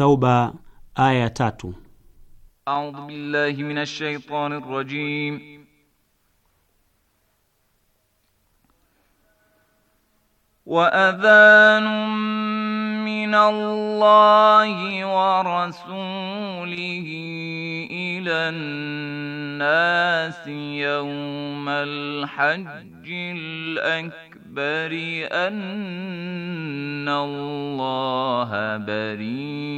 Tauba aya ya tatu. A'udhu billahi minash shaitani rajim. وأذان من الله ورسوله إلى الناس يوم الحج الأكبر أن الله بريء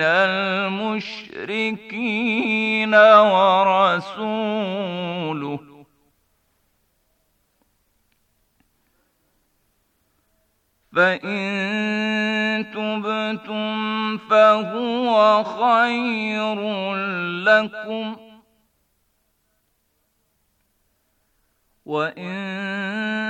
من المشركين ورسوله فإن تبتم فهو خير لكم وإن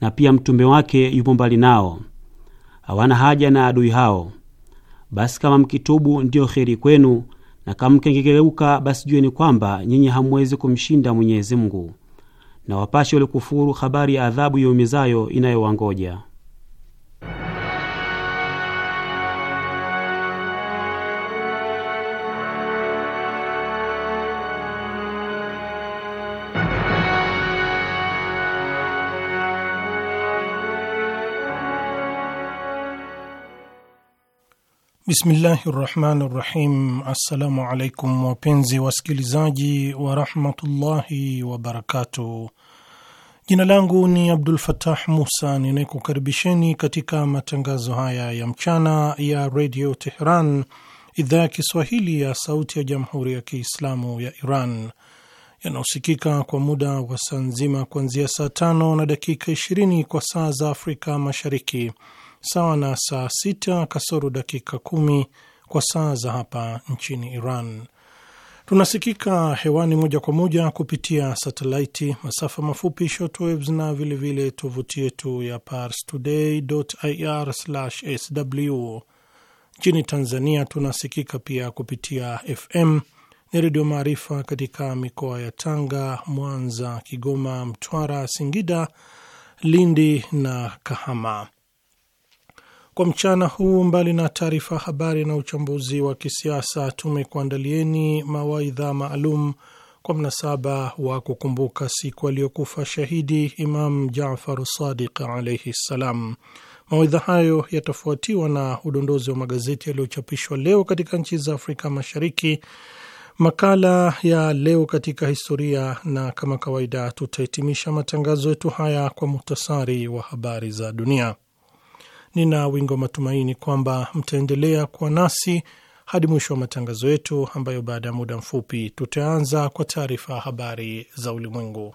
na pia mtume wake yupo mbali nao, hawana haja na adui hao. Basi kama mkitubu ndiyo kheri kwenu, na kama mkengegeuka, basi jueni kwamba nyinyi hamuwezi kumshinda Mwenyezi Mungu, na wapashe walikufuru habari ya adhabu yaumizayo inayowangoja. Bismillahi rahmani rahim. Assalamu alaikum wapenzi wasikilizaji warahmatullahi wabarakatuh. Jina langu ni Abdul Fatah Musa ninayekukaribisheni katika matangazo haya ya mchana ya redio Tehran, idhaa ya Kiswahili ya sauti ya jamhuri ya Kiislamu ya Iran yanayosikika kwa muda wa saa nzima kuanzia saa tano na dakika 20 kwa saa za Afrika Mashariki sawa na saa sita kasoro dakika kumi kwa saa za hapa nchini Iran. Tunasikika hewani moja kwa moja kupitia satelaiti, masafa mafupi shortwaves, na vilevile tovuti yetu ya pars ir sw Nchini Tanzania tunasikika pia kupitia FM ni Redio Maarifa katika mikoa ya Tanga, Mwanza, Kigoma, Mtwara, Singida, Lindi na Kahama kwa mchana huu, mbali na taarifa habari na uchambuzi wa kisiasa, tumekuandalieni mawaidha maalum kwa mnasaba wa kukumbuka siku aliyokufa shahidi Imam Jafar Sadiq alaihi ssalam. Mawaidha hayo yatafuatiwa na udondozi wa magazeti yaliyochapishwa leo katika nchi za Afrika Mashariki, makala ya leo katika historia, na kama kawaida tutahitimisha matangazo yetu haya kwa muhtasari wa habari za dunia. Nina wingi wa matumaini kwamba mtaendelea kuwa nasi hadi mwisho wa matangazo yetu, ambayo baada ya muda mfupi tutaanza kwa taarifa ya habari za ulimwengu.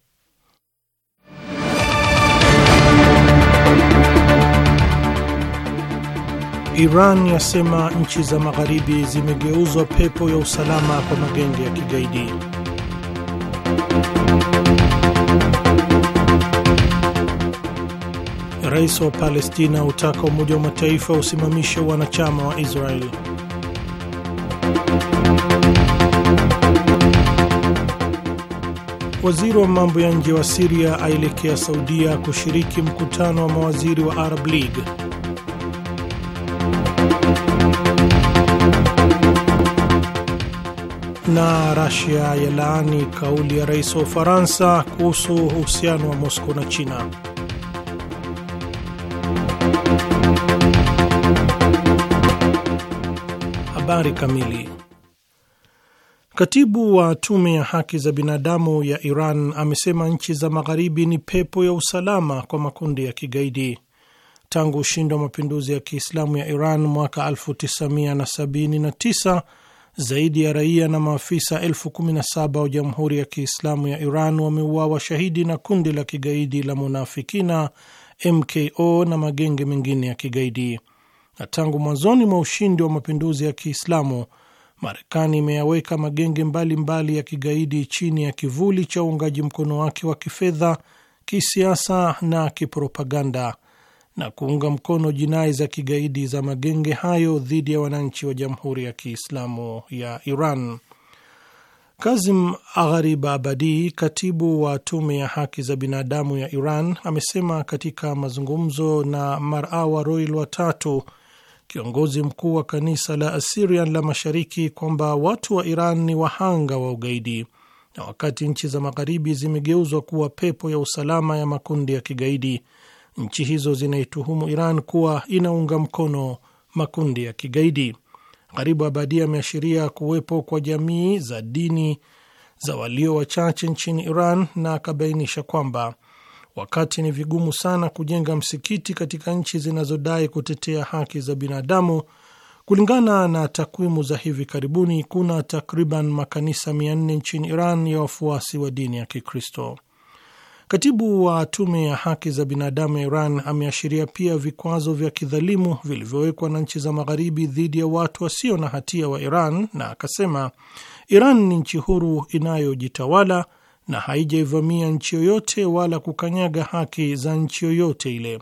Iran yasema nchi za magharibi zimegeuzwa pepo ya usalama kwa magenge ya kigaidi. Rais wa Palestina utaka Umoja wa Mataifa usimamishe wanachama wa Israeli. Waziri wa mambo ya nje wa Siria aelekea Saudia kushiriki mkutano wa mawaziri wa Arab League. na Rasia yalaani kauli ya rais wa Ufaransa kuhusu uhusiano wa Moscow na China. Habari kamili. Katibu wa tume ya haki za binadamu ya Iran amesema nchi za magharibi ni pepo ya usalama kwa makundi ya kigaidi. Tangu ushindi wa mapinduzi ya Kiislamu ya Iran mwaka 1979 zaidi ya raia na maafisa elfu kumi na saba wa Jamhuri ya Kiislamu ya Iran wameuawa shahidi na kundi la kigaidi la Munafikina MKO na magenge mengine ya kigaidi. Na tangu mwanzoni mwa ushindi wa mapinduzi ya Kiislamu, Marekani imeyaweka magenge mbalimbali mbali ya kigaidi chini ya kivuli cha uungaji mkono wake wa kifedha, kisiasa na kipropaganda na kuunga mkono jinai za kigaidi za magenge hayo dhidi ya wananchi wa Jamhuri ya Kiislamu ya Iran. Kazim abadi katibu wa tume ya haki za binadamu ya Iran, amesema katika mazungumzo na Marawa Roil watatu, kiongozi mkuu wa kanisa la Assyrian la Mashariki, kwamba watu wa Iran ni wahanga wa ugaidi, na wakati nchi za Magharibi zimegeuzwa kuwa pepo ya usalama ya makundi ya kigaidi nchi hizo zinaituhumu Iran kuwa inaunga mkono makundi ya kigaidi. Gharibu Abadi ameashiria kuwepo kwa jamii za dini za walio wachache nchini Iran na akabainisha kwamba wakati ni vigumu sana kujenga msikiti katika nchi zinazodai kutetea haki za binadamu, kulingana na takwimu za hivi karibuni, kuna takriban makanisa 400 nchini Iran ya wafuasi wa dini ya Kikristo. Katibu wa tume ya haki za binadamu ya Iran ameashiria pia vikwazo vya kidhalimu vilivyowekwa na nchi za Magharibi dhidi ya watu wasio na hatia wa Iran na akasema Iran ni nchi huru inayojitawala na haijaivamia nchi yoyote wala kukanyaga haki za nchi yoyote ile,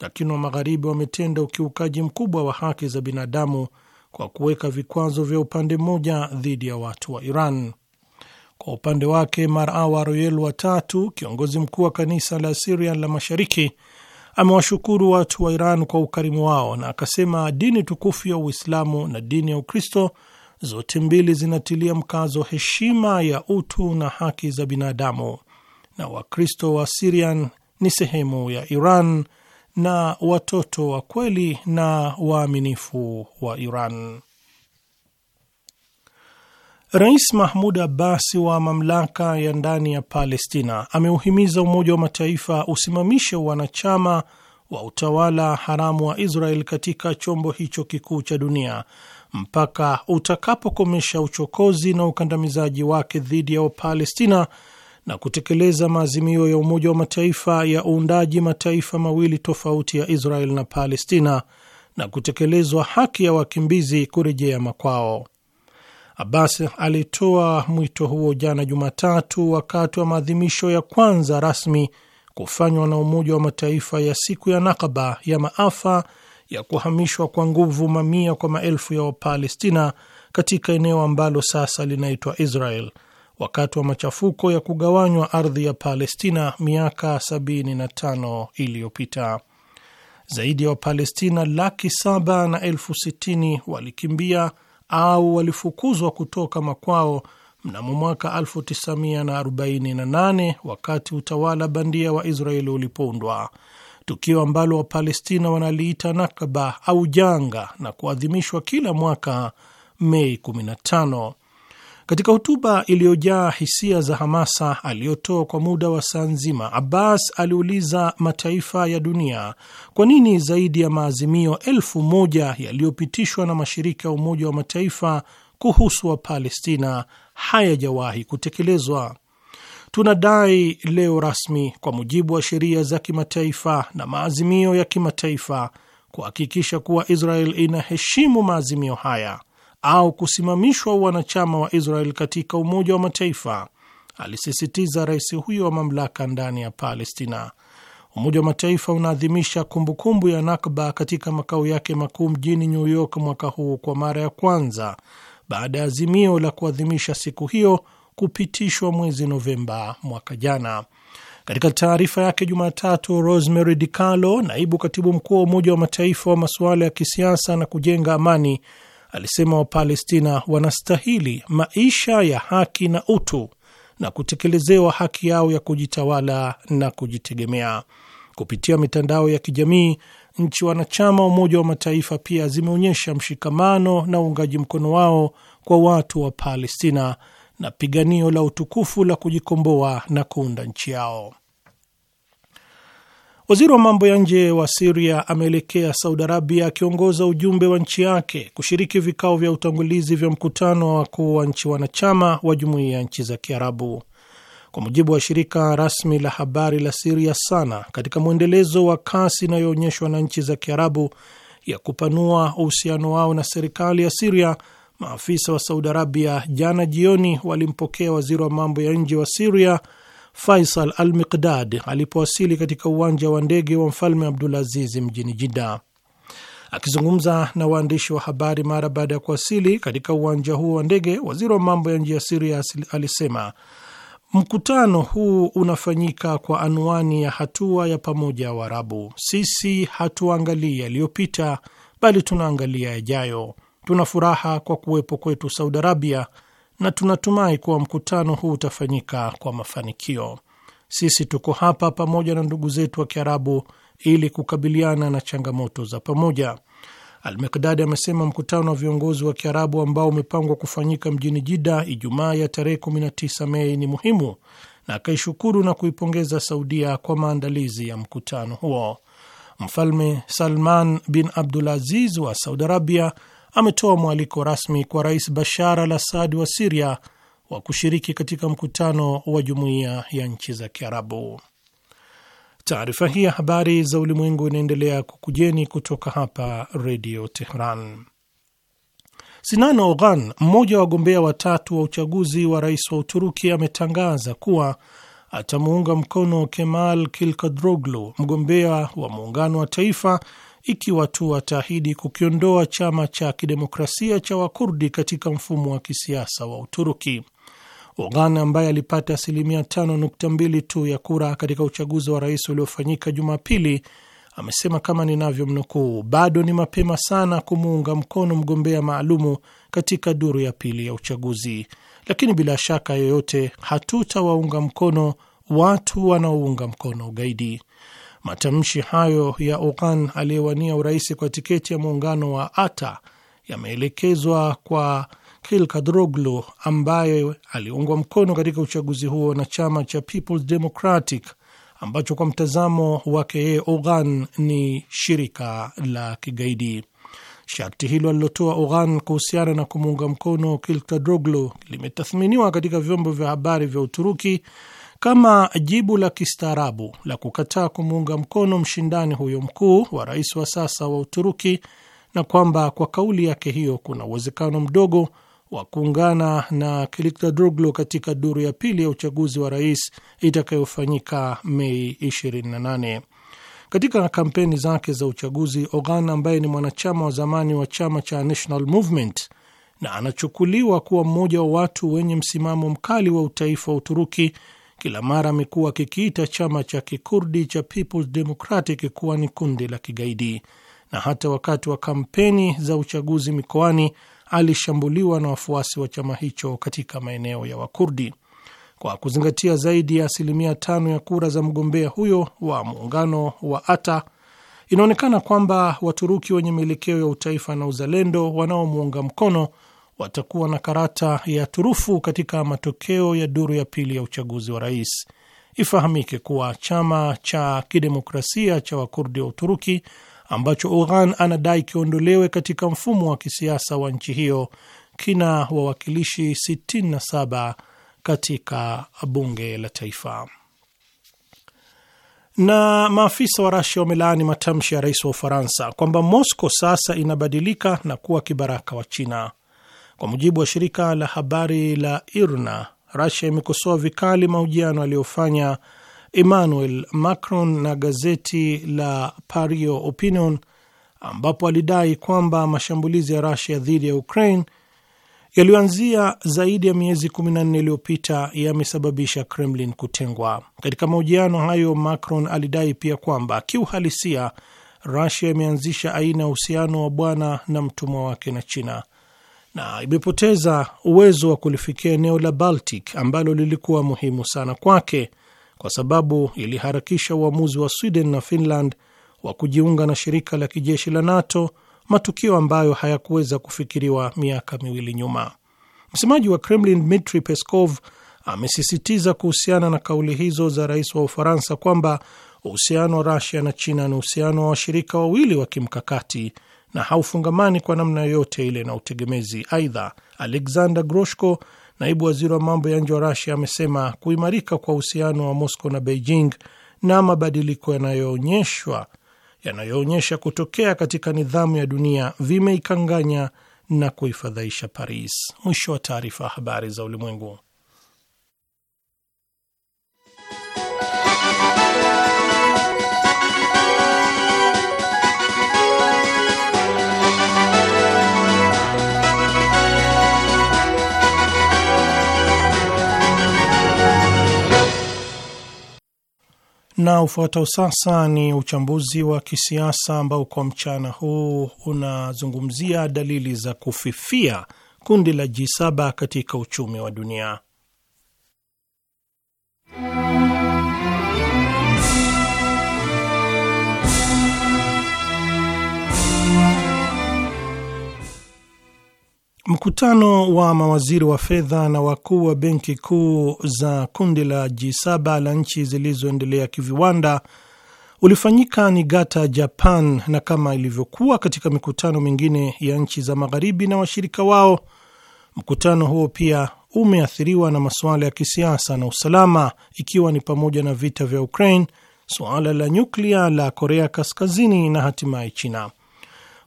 lakini wa Magharibi wametenda ukiukaji mkubwa wa haki za binadamu kwa kuweka vikwazo vya upande mmoja dhidi ya watu wa Iran. Kwa upande wake Marawa Royel watatu kiongozi mkuu wa kanisa la Syrian la Mashariki amewashukuru watu wa Iran kwa ukarimu wao na akasema dini tukufu ya Uislamu na dini ya Ukristo zote mbili zinatilia mkazo heshima ya utu na haki za binadamu, na Wakristo wa Syrian ni sehemu ya Iran na watoto wa kweli na waaminifu wa Iran. Rais Mahmud Abbas wa mamlaka ya ndani ya Palestina ameuhimiza Umoja wa Mataifa usimamishe wanachama wa utawala haramu wa Israel katika chombo hicho kikuu cha dunia mpaka utakapokomesha uchokozi na ukandamizaji wake dhidi ya Wapalestina na kutekeleza maazimio ya Umoja wa Mataifa ya uundaji mataifa mawili tofauti ya Israel na Palestina na kutekelezwa haki ya wakimbizi kurejea makwao. Abbas alitoa mwito huo jana Jumatatu wakati wa maadhimisho ya kwanza rasmi kufanywa na Umoja wa Mataifa ya siku ya Nakaba ya maafa ya kuhamishwa kwa nguvu mamia kwa maelfu ya Wapalestina katika eneo ambalo sasa linaitwa Israel wakati wa machafuko ya kugawanywa ardhi ya Palestina miaka 75 iliyopita. Zaidi ya Wapalestina laki saba na elfu sitini walikimbia au walifukuzwa kutoka makwao mnamo mwaka 1948 wakati utawala bandia wa Israeli ulipoundwa, tukio ambalo Wapalestina wanaliita Nakba au janga na kuadhimishwa kila mwaka Mei 15. Katika hotuba iliyojaa hisia za hamasa aliyotoa kwa muda wa saa nzima, Abbas aliuliza mataifa ya dunia kwa nini zaidi ya maazimio elfu moja yaliyopitishwa na mashirika ya Umoja wa Mataifa kuhusu Wapalestina hayajawahi kutekelezwa. Tunadai leo rasmi kwa mujibu wa sheria za kimataifa na maazimio ya kimataifa kuhakikisha kuwa Israel inaheshimu maazimio haya au kusimamishwa wanachama wa Israel katika Umoja wa Mataifa, alisisitiza rais huyo wa mamlaka ndani ya Palestina. Umoja wa Mataifa unaadhimisha kumbukumbu ya Nakba katika makao yake makuu mjini New York mwaka huu kwa mara ya kwanza baada ya azimio la kuadhimisha siku hiyo kupitishwa mwezi Novemba mwaka jana. Katika taarifa yake Jumatatu, Rosemary DiCarlo, naibu katibu mkuu wa Umoja wa Mataifa wa masuala ya kisiasa na kujenga amani, alisema Wapalestina wanastahili maisha ya haki na utu na kutekelezewa haki yao ya kujitawala na kujitegemea. Kupitia mitandao ya kijamii, nchi wanachama wa Umoja wa Mataifa pia zimeonyesha mshikamano na uungaji mkono wao kwa watu wa Palestina na piganio la utukufu la kujikomboa na kuunda nchi yao. Waziri wa mambo ya nje wa Siria ameelekea Saudi Arabia akiongoza ujumbe wa nchi yake kushiriki vikao vya utangulizi vya mkutano wa wakuu wa nchi wanachama wa jumuiya ya nchi za Kiarabu, kwa mujibu wa shirika rasmi la habari la Siria SANA. Katika mwendelezo wa kasi inayoonyeshwa na nchi za Kiarabu ya kupanua uhusiano wao na serikali ya Siria, maafisa wa Saudi Arabia jana jioni walimpokea waziri wa mambo ya nje wa Siria Faisal Al Miqdad alipowasili katika uwanja wa ndege wa mfalme Abdulazizi mjini Jida. Akizungumza na waandishi wa habari mara baada ya kuwasili katika uwanja huo wa ndege, waziri wa mambo ya nje ya Siria alisema mkutano huu unafanyika kwa anwani ya hatua ya pamoja ya Waarabu. Sisi hatuangalii yaliyopita, bali tunaangalia yajayo. Tuna furaha kwa kuwepo kwetu Saudi Arabia na tunatumai kuwa mkutano huu utafanyika kwa mafanikio. Sisi tuko hapa pamoja na ndugu zetu wa Kiarabu ili kukabiliana na changamoto za pamoja. Almikdadi amesema mkutano wa viongozi wa Kiarabu ambao umepangwa kufanyika mjini Jida Ijumaa ya tarehe 19 Mei ni muhimu na akaishukuru na kuipongeza Saudia kwa maandalizi ya mkutano huo. Mfalme Salman bin Abdulaziz wa Saudi Arabia ametoa mwaliko rasmi kwa Rais Bashar al Assad wa Siria wa kushiriki katika mkutano wa Jumuiya ya Nchi za Kiarabu. Taarifa hii ya habari za ulimwengu inaendelea kukujeni kutoka hapa Redio Tehran. Sinan Ogan, mmoja wa wagombea watatu wa uchaguzi wa rais wa Uturuki, ametangaza kuwa atamuunga mkono Kemal Kilkadroglu, mgombea wa muungano wa taifa ikiwa tu ataahidi kukiondoa chama cha kidemokrasia cha Wakurdi katika mfumo wa kisiasa wa Uturuki. Ogan ambaye alipata asilimia 5.2 tu ya kura katika uchaguzi wa rais uliofanyika Jumapili amesema kama ninavyomnukuu, bado ni mapema sana kumuunga mkono mgombea maalumu katika duru ya pili ya uchaguzi, lakini bila shaka yoyote hatutawaunga mkono watu wanaounga mkono ugaidi. Matamshi hayo ya Okan aliyewania urais kwa tiketi ya muungano wa ATA yameelekezwa kwa kil Kadroglu ambaye aliungwa mkono katika uchaguzi huo na chama cha Peoples Democratic ambacho kwa mtazamo wake yeye Ogan ni shirika la kigaidi. Sharti hilo alilotoa Ogan kuhusiana na kumuunga mkono kil Kadroglu limetathminiwa katika vyombo vya habari vya Uturuki kama jibu la kistaarabu la kukataa kumuunga mkono mshindani huyo mkuu wa rais wa sasa wa Uturuki na kwamba kwa kauli yake hiyo kuna uwezekano mdogo wa kuungana na Kilicdaroglu katika duru ya pili ya uchaguzi wa rais itakayofanyika Mei 28. Katika kampeni zake za uchaguzi, Ogan ambaye ni mwanachama wa zamani wa chama cha National Movement na anachukuliwa kuwa mmoja wa watu wenye msimamo mkali wa utaifa wa Uturuki kila mara amekuwa akikiita chama cha kikurdi cha Peoples Democratic kuwa ni kundi la kigaidi, na hata wakati wa kampeni za uchaguzi mikoani alishambuliwa na wafuasi wa chama hicho katika maeneo ya Wakurdi. Kwa kuzingatia zaidi ya asilimia tano ya kura za mgombea huyo wa muungano wa Ata, inaonekana kwamba Waturuki wenye mielekeo ya utaifa na uzalendo wanaomuunga mkono watakuwa na karata ya turufu katika matokeo ya duru ya pili ya uchaguzi wa rais. Ifahamike kuwa chama cha kidemokrasia cha Wakurdi wa Uturuki ambacho Orhan anadai kiondolewe katika mfumo wa kisiasa wa nchi hiyo kina wawakilishi 67 katika bunge la taifa. Na maafisa wa Rasia wamelaani matamshi ya rais wa Ufaransa kwamba Moscow sasa inabadilika na kuwa kibaraka wa China. Kwa mujibu wa shirika la habari la IRNA, Rasia imekosoa vikali mahojiano aliyofanya Emmanuel Macron na gazeti la Pario Opinion ambapo alidai kwamba mashambulizi ya Rasia dhidi ya Ukraine yaliyoanzia zaidi ya miezi 14 iliyopita yamesababisha Kremlin kutengwa. Katika mahojiano hayo, Macron alidai pia kwamba kiuhalisia Rasia imeanzisha aina ya uhusiano wa bwana na mtumwa wake na China na imepoteza uwezo wa kulifikia eneo la Baltic ambalo lilikuwa muhimu sana kwake kwa sababu iliharakisha uamuzi wa Sweden na Finland wa kujiunga na shirika la kijeshi la NATO, matukio ambayo hayakuweza kufikiriwa miaka miwili nyuma. Msemaji wa Kremlin Dmitri Peskov amesisitiza kuhusiana na kauli hizo za rais wa Ufaransa kwamba uhusiano wa Rusia na China ni uhusiano wa washirika wawili wa kimkakati na haufungamani kwa namna yoyote ile na utegemezi. Aidha, Alexander Groshko, naibu waziri wa mambo ya nje wa Rasia, amesema kuimarika kwa uhusiano wa Moscow na Beijing na mabadiliko yanayoonyeshwa yanayoonyesha kutokea katika nidhamu ya dunia vimeikanganya na kuifadhaisha Paris. Mwisho wa taarifa. Habari za Ulimwengu. Na ufuatao sasa ni uchambuzi wa kisiasa ambao kwa mchana huu unazungumzia dalili za kufifia kundi la G7 katika uchumi wa dunia. Mkutano wa mawaziri wa fedha na wakuu wa benki kuu za kundi la G7 la nchi zilizoendelea kiviwanda ulifanyika Niigata, Japan, na kama ilivyokuwa katika mikutano mingine ya nchi za magharibi na washirika wao, mkutano huo pia umeathiriwa na masuala ya kisiasa na usalama, ikiwa ni pamoja na vita vya Ukraine, suala la nyuklia la Korea Kaskazini na hatimaye China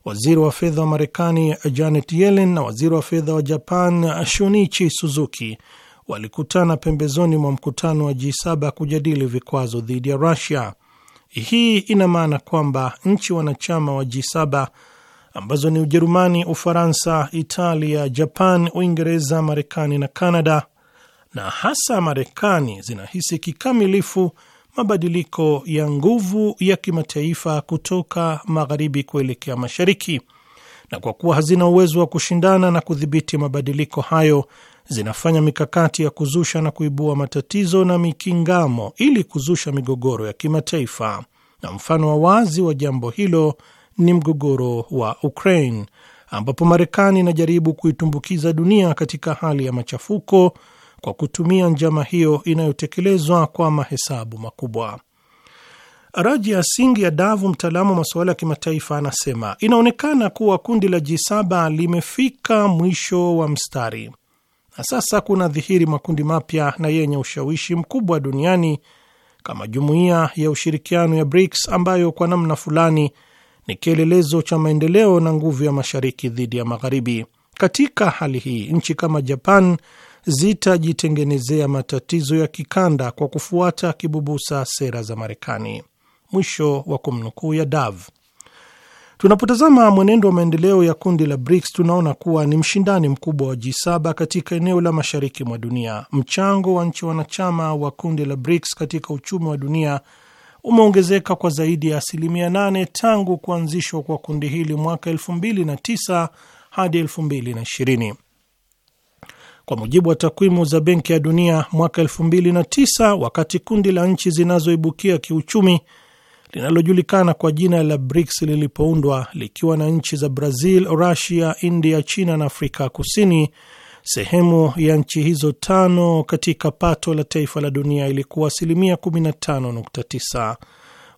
waziri wa fedha wa Marekani Janet Yellen na waziri wa fedha wa Japan Shunichi Suzuki walikutana pembezoni mwa mkutano wa G7 kujadili vikwazo dhidi ya Rusia. Hii ina maana kwamba nchi wanachama wa G7 ambazo ni Ujerumani, Ufaransa, Italia, Japan, Uingereza, Marekani na Kanada, na hasa Marekani zinahisi kikamilifu mabadiliko ya nguvu ya kimataifa kutoka magharibi kuelekea mashariki, na kwa kuwa hazina uwezo wa kushindana na kudhibiti mabadiliko hayo, zinafanya mikakati ya kuzusha na kuibua matatizo na mikingamo ili kuzusha migogoro ya kimataifa, na mfano wa wazi wa jambo hilo ni mgogoro wa Ukraine ambapo Marekani inajaribu kuitumbukiza dunia katika hali ya machafuko kwa kutumia njama hiyo inayotekelezwa kwa mahesabu makubwa. raji ya singi ya davu mtaalamu wa masuala ya kimataifa, anasema inaonekana kuwa kundi la G7 limefika mwisho wa mstari na sasa kuna dhihiri makundi mapya na yenye ushawishi mkubwa duniani kama Jumuiya ya Ushirikiano ya BRICS ambayo kwa namna fulani ni kielelezo cha maendeleo na nguvu ya mashariki dhidi ya magharibi. Katika hali hii, nchi kama Japan zitajitengenezea matatizo ya kikanda kwa kufuata kibubusa sera za Marekani. Mwisho wa kumnukuu ya Dav. Tunapotazama mwenendo wa maendeleo ya kundi la BRICS tunaona kuwa ni mshindani mkubwa wa G7 katika eneo la mashariki mwa dunia. Mchango wa nchi wanachama wa kundi la BRICS katika uchumi wa dunia umeongezeka kwa zaidi ya asilimia 8 tangu kuanzishwa kwa kundi hili mwaka 2009 hadi 2020. Kwa mujibu wa takwimu za Benki ya Dunia mwaka 2009, wakati kundi la nchi zinazoibukia kiuchumi linalojulikana kwa jina la BRICS lilipoundwa likiwa na nchi za Brazil, Russia, India, China na Afrika Kusini, sehemu ya nchi hizo tano katika pato la taifa la dunia ilikuwa asilimia 15.9.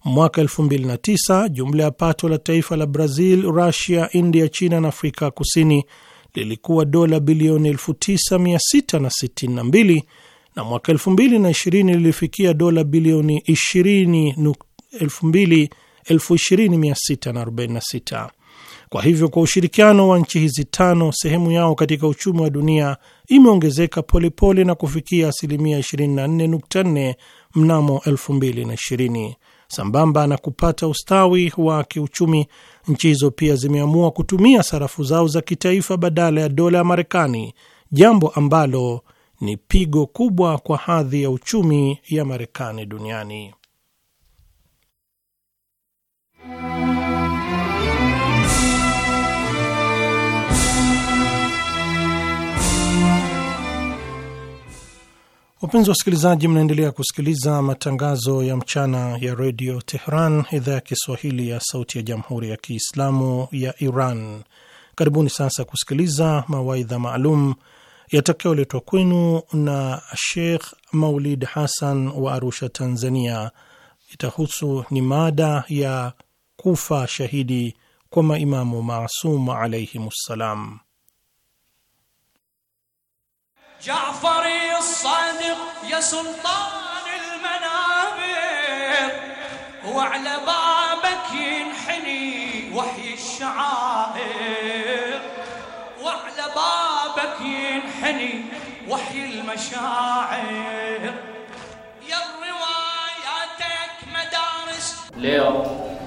Mwaka 2009 jumla ya pato la taifa la Brazil, Russia, India, China na Afrika Kusini lilikuwa dola bilioni 9662 na mwaka 2020 lilifikia dola bilioni 20646. Kwa hivyo, kwa ushirikiano wa nchi hizi tano, sehemu yao katika uchumi wa dunia imeongezeka polepole na kufikia asilimia 24.4 mnamo 2020 sambamba na kupata ustawi wa kiuchumi Nchi hizo pia zimeamua kutumia sarafu zao za kitaifa badala ya dola ya Marekani, jambo ambalo ni pigo kubwa kwa hadhi ya uchumi ya Marekani duniani. Wapenzi wa wasikilizaji, mnaendelea kusikiliza matangazo ya mchana ya redio Tehran, idhaa ya Kiswahili ya sauti ya jamhuri ya Kiislamu ya Iran. Karibuni sasa kusikiliza mawaidha maalum yatakayoletwa kwenu na Sheikh Maulid Hassan wa Arusha, Tanzania. Itahusu ni mada ya kufa shahidi kwa maimamu masum alaihim ssalam. جعفر الصادق يا سلطان المنابر وعلى بابك ينحني وحي الشعائر وعلى بابك ينحني وحي المشاعر يا رواياتك مدارس اليوم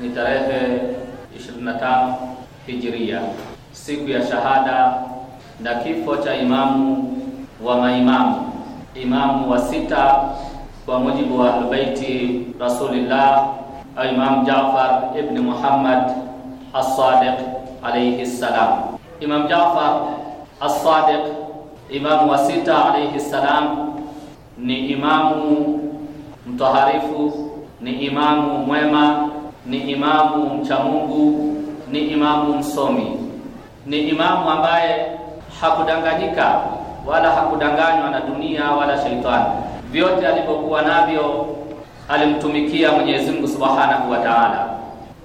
نتاريخ 20 هجرية سيكو يا شهادة na kifo cha imamu wa maimamu, imamu wa sita kwa mujibu wa albaiti Rasulillah, Imam jafar ibn Muhammad As-Sadiq alayhi salam. Imam jafar as imamu wa sita alayhi salam, ni imamu mtoharifu, ni imamu mwema, ni imamu mchamungu ni imamu msomi, ni imamu ambaye hakudanganyika wala hakudanganywa na dunia wala shaitani. Vyote alivyokuwa navyo alimtumikia Mwenyezi Mungu Subhanahu wa Ta'ala,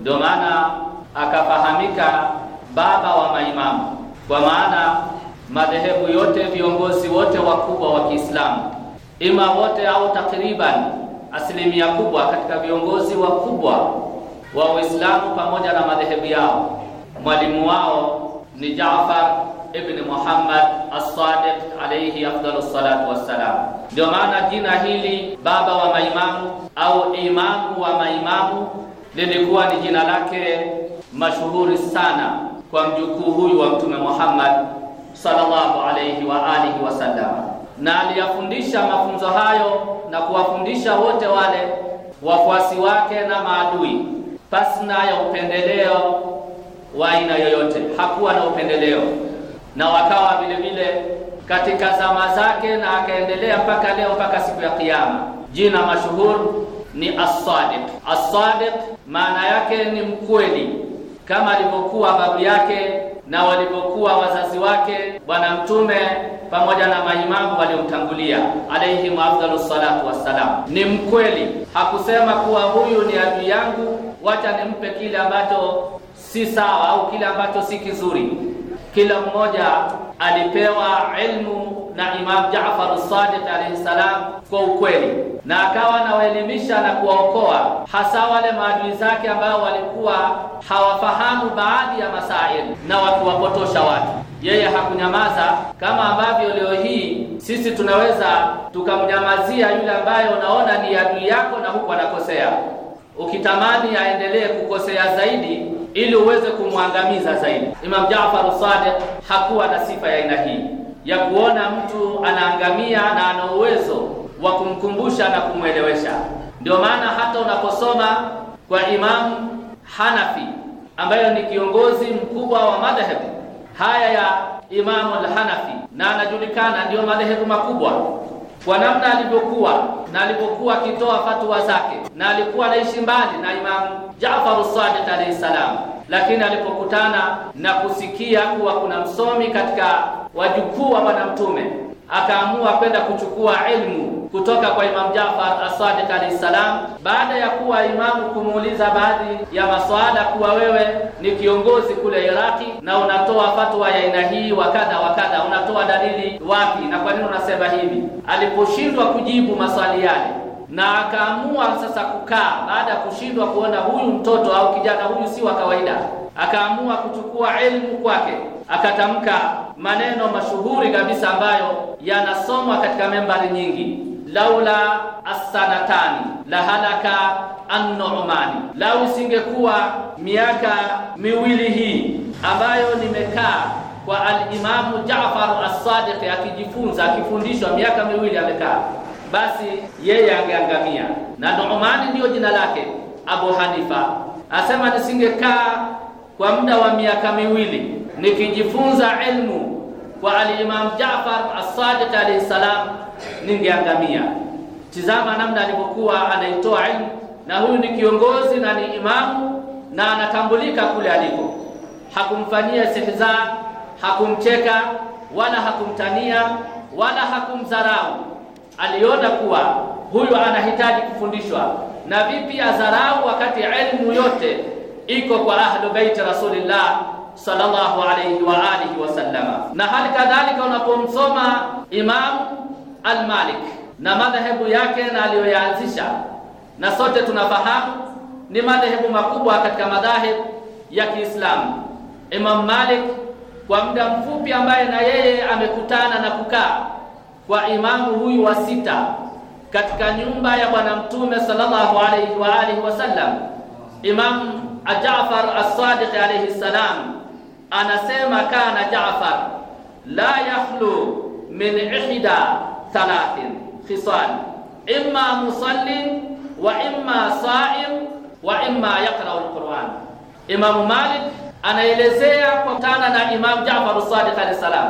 ndio maana akafahamika baba wa maimamu, kwa maana madhehebu yote, viongozi wote wakubwa wa Kiislamu, ima wote au takriban asilimia kubwa katika viongozi wakubwa wa Uislamu pamoja na madhehebu yao, mwalimu wao ni Jaafar ibn Muhammad as-Sadiq alayhi afdalu salatu wassalam. Ndio maana jina hili baba wa maimamu au imamu wa maimamu lilikuwa ni jina lake mashuhuri sana kwa mjukuu huyu wa Mtume Muhammad sallallahu alayhi wa alihi wasallam, na aliyafundisha mafunzo hayo na kuwafundisha wote wale wafuasi wake na maadui pasina ya upendeleo wa aina yoyote. Hakuwa na upendeleo na wakawa vile vile katika zama zake, na akaendelea mpaka leo, mpaka siku ya Kiyama. Jina mashuhur ni As-Sadiq. As-Sadiq maana yake ni mkweli, kama alivyokuwa babu yake na walivyokuwa wazazi wake Bwana Mtume pamoja na maimamu waliomtangulia alayhim afdalus salatu wassalam. Ni mkweli, hakusema kuwa huyu ni adui yangu, wacha nimpe kile ambacho si sawa au kile ambacho si kizuri kila mmoja alipewa ilmu na Imam Jaafar Sadiq alayhi salam kwa ukweli, na akawa anawaelimisha na kuwaokoa hasa wale maadui zake ambao walikuwa hawafahamu baadhi ya masaili na wakiwapotosha watu. Yeye hakunyamaza kama ambavyo leo hii sisi tunaweza tukamnyamazia yule ambaye unaona ni adui yako na huku anakosea, ukitamani aendelee kukosea zaidi ili uweze kumwangamiza zaidi. Imam Jaafar Sadiq hakuwa na sifa ya aina hii ya kuona mtu anaangamia na ana uwezo wa kumkumbusha na kumwelewesha. Ndio maana hata unaposoma kwa Imam Hanafi ambayo ni kiongozi mkubwa wa madhehebu haya ya Imamu al-Hanafi na anajulikana, ndiyo madhehebu makubwa kwa namna alivyokuwa na alipokuwa akitoa fatwa zake, na alikuwa anaishi mbali na Imamu Jafaru Sadiq alayhi salam, lakini alipokutana na kusikia kuwa kuna msomi katika wajukuu wa Bwana Mtume akaamua kwenda kuchukua ilmu kutoka kwa Imam jafar as-Sadiq salam, baada ya kuwa imamu kumuuliza baadhi ya maswala kuwa wewe ni kiongozi kule Iraki na unatoa fatwa ya aina hii wa kadha wa kadha, unatoa dalili wapi na kwa nini unasema hivi? Aliposhindwa kujibu maswali yale na akaamua sasa kukaa, baada ya kushindwa kuona huyu mtoto au kijana huyu si wa kawaida akaamua kuchukua elimu kwake, akatamka maneno mashuhuri kabisa ambayo yanasomwa katika membari nyingi, laula assanatani la halaka an lau isingekuwa miaka miwili hii ambayo nimekaa kwa alimamu Jaafar as-Sadiq akijifunza akifundishwa miaka miwili amekaa, basi yeye angeangamia. Na Nu'mani ndiyo jina lake. Abu Hanifa asema nisingekaa kwa muda wa miaka miwili nikijifunza ilmu kwa alimamu jafar Jaafar as-Sadiq alayhi salam ningeangamia. Tizama namna alivyokuwa anaitoa ilmu, na huyu ni kiongozi na ni imamu na anatambulika kule aliko. Hakumfanyia sihza, hakumcheka wala hakumtania wala hakumdharau. Aliona kuwa huyu anahitaji kufundishwa, na vipi adharau wakati ilmu yote iko kwa ahlu baiti rasulillah sallallahu alayhi wa alihi sallama. na hali kadhalika unapomsoma Imam al-Malik na madhehebu yake na aliyoyaanzisha, na sote tunafahamu ni madhehebu makubwa katika madhehebu ya Kiislamu. Imam Malik kwa muda mfupi ambaye na yeye amekutana na kukaa kwa imamu huyu wa sita katika nyumba ya Bwana Mtume sallallahu alayhi wa alihi wasallam, Imam Jaafar as-Sadiq alayhi salam anasema kana Jaafar la yakhlu min ihda thalathin khisal imma musallin wa imma sa'im wa imma yaqra'u al-Qur'an. Imam Malik anaelezea kutana na Imam Jaafar as-Sadiq alayhi salam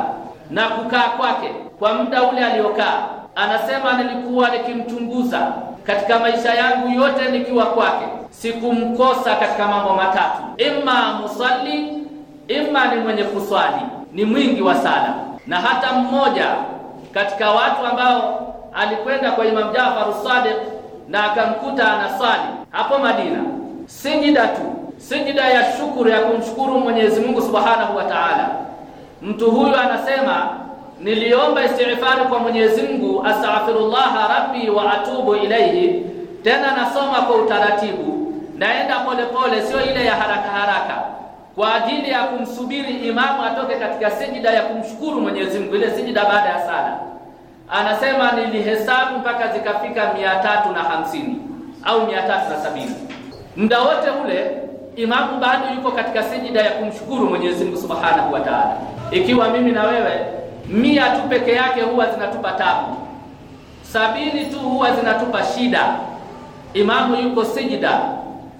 na kukaa kwake kwa muda ule aliokaa Anasema nilikuwa nikimchunguza katika maisha yangu yote nikiwa kwake, sikumkosa katika mambo matatu: imma musalli, imma ni mwenye kuswali, ni mwingi wa sala. Na hata mmoja katika watu ambao alikwenda kwa Imam Jafar Sadiq na akamkuta anaswali hapo Madina, sijida tu, sijida ya shukuru ya kumshukuru Mwenyezi Mungu Subhanahu wa Ta'ala. Mtu huyu anasema niliomba istighfar kwa Mwenyezi Mungu, astaghfirullah rabbi wa atubu ilaihi, tena nasoma kwa utaratibu, naenda polepole, sio ile ya haraka haraka, kwa ajili ya kumsubiri imamu atoke katika sijida ya kumshukuru Mwenyezi Mungu, ile sijida baada ya sala. Anasema nilihesabu mpaka zikafika mia tatu na hamsini au mia tatu na sabini muda wote ule imamu bado yuko katika sijida ya kumshukuru Mwenyezi Mungu subhanahu wa taala, ikiwa mimi na wewe mia tu peke yake huwa zinatupa tabu, sabini tu huwa zinatupa shida. Imamu yuko sijida,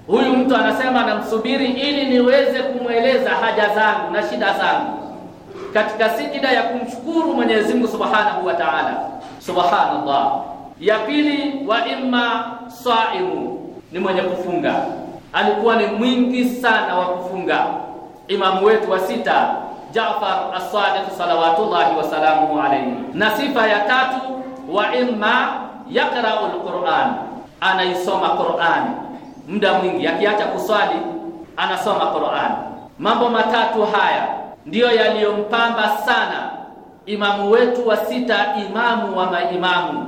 huyu mtu anasema namsubiri ili niweze kumweleza haja zangu na shida zangu katika sijida ya kumshukuru Mwenyezi Mungu Subhanahu wa Ta'ala. Subhanallah. Ya pili, wa imma saimu, ni mwenye kufunga. Alikuwa ni mwingi sana wa kufunga, imamu wetu wa sita Jaafar as-Sadiq salawatullahi wa salamuhu alayhi. Na sifa ya tatu, wa imma yaqra'u al-Qur'an, anaisoma Qur'an muda mwingi, akiacha kuswali anasoma Qur'an. Mambo matatu haya ndiyo yaliyompamba sana imamu wetu wa sita, imamu wa maimamu.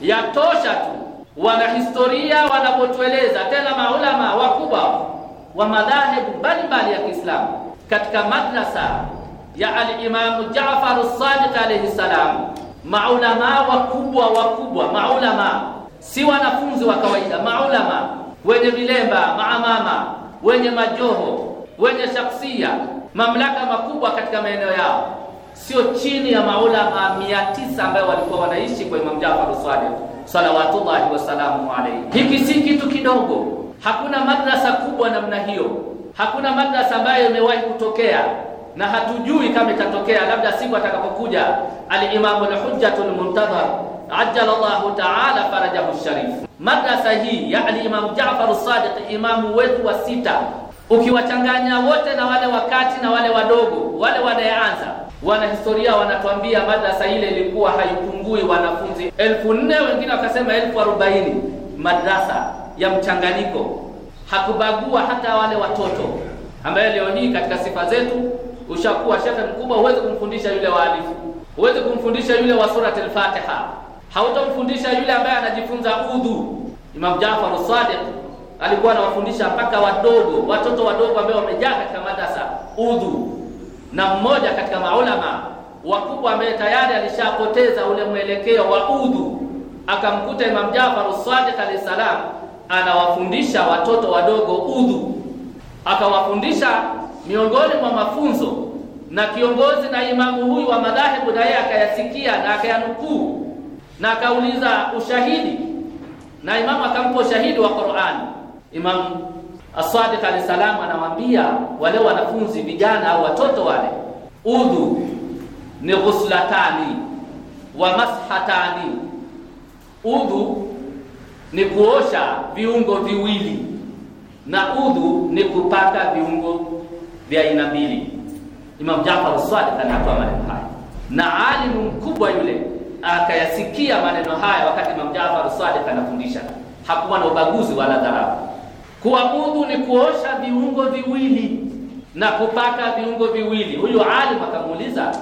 Yatosha tu wanahistoria wanapotueleza, tena maulama wakubwa wa madhahebu mbalimbali ya Kiislamu katika madrasa ya alimamu jafaru Sadiq alayhi salam, maulama wakubwa wakubwa, maulama si wanafunzi wa kawaida, maulama wenye vilemba, maamama wenye majoho, wenye shaksia, mamlaka makubwa katika maeneo yao, sio chini ya maulama mia tisa ambayo walikuwa wanaishi kwa Imam Jaafar Sadiq salawatullahi wasalamu alayhi. Hiki si kitu kidogo, hakuna madrasa kubwa namna hiyo Hakuna madrasa ambayo imewahi kutokea na hatujui kama itatokea, labda siku atakapokuja al-Imam al al Muntadhar ajjala Allahu ta'ala farajahu sharif. Madrasa hii ya al-Imam Ja'far as-Sadiq, imamu wetu wa sita, ukiwachanganya wote na wale wakati na wale wadogo, wale wanayeanza, wanahistoria wanatuambia madrasa ile ilikuwa haipungui wanafunzi elfu nne wengine wakasema elfu arobaini madrasa ya mchanganyiko hakubagua hata wale watoto, ambaye leo hii katika sifa zetu ushakuwa shekhe mkubwa, huwezi kumfundisha yule waalifu, huwezi kumfundisha yule wa surati al-Fatiha, hautamfundisha yule ambaye anajifunza udhu. Imam Jaafar sadiq alikuwa anawafundisha mpaka wadogo, watoto wadogo ambao wamejaa katika madrasa udhu, na mmoja katika maulama wakubwa ambaye tayari alishapoteza ule mwelekeo wa udhu, akamkuta Imam Jaafar as-Sadiq alayhi salam anawafundisha watoto wadogo udhu, akawafundisha miongoni mwa mafunzo na kiongozi na imamu huyu wa madhehebu na yeye akayasikia na akayanukuu na akauliza ushahidi, na imamu akampa ushahidi wa Qur'ani. Imamu As-Sadiq alayhi salam anawaambia wale wanafunzi vijana au watoto wale, udhu ni ghuslatani wa mashatani. Udhu ni kuosha viungo viwili na udhu ni kupaka viungo vya aina mbili. Imam Jaafar Sadiq anatoa maneno haya, na alimu mkubwa yule akayasikia maneno haya wakati Imam Jaafar Sadiq anafundisha. Hakuwa na ubaguzi wala dharau. udhu ni kuosha viungo viwili na kupaka viungo viwili. Huyu alimu akamuuliza,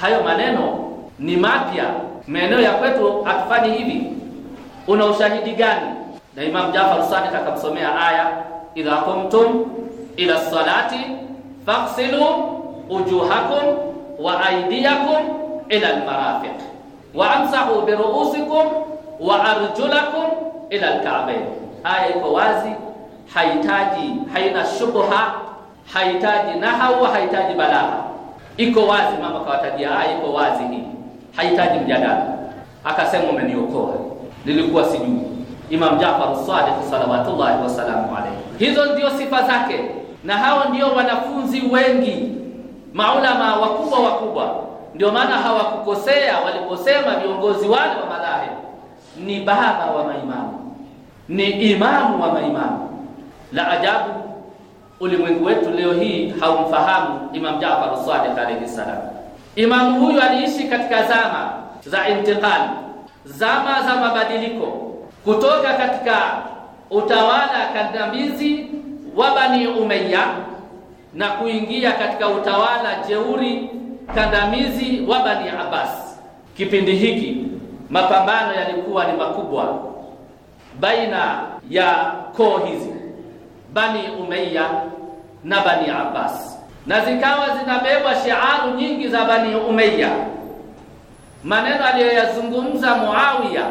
hayo maneno ni mapya, maeneo ya kwetu hatufanyi hivi una ushahidi gani? Na Imam Jafar Sadiq akamsomea aya idha qumtum ila salati faghsilu wujuhakum wa aydiyakum ila almarafiq wa amsahu bi ru'usikum wa arjulakum ila alka'bayn. Aya iko wazi, haitaji haina shubha, haitaji nahau, haitaji balagha, iko wazi. Mama kawatajia aya, iko wazi hii, haitaji mjadala. Akasema umeniokoa lilikuwa sijui. Imam Jaafar Sadiq salawatullahi wasalamu alayhi. Hizo ndio sifa zake, na hao ndio wanafunzi wengi maulama wakubwa wakubwa. Ndio maana hawakukosea waliposema viongozi wale wa madhahib ni baba wa maimamu, ni imamu wa maimamu. La ajabu, ulimwengu wetu leo hii haumfahamu Imam Jaafar Sadiq alayhi salam. Imamu huyu aliishi katika zama za intiqali zama za mabadiliko kutoka katika utawala kandamizi wa Bani Umayya na kuingia katika utawala jeuri kandamizi wa Bani Abbas. Kipindi hiki mapambano yalikuwa ni makubwa baina ya koo hizi Bani Umayya na Bani Abbas, na zikawa zinabebwa shiaru nyingi za Bani Umayya maneno aliyoyazungumza Muawiya,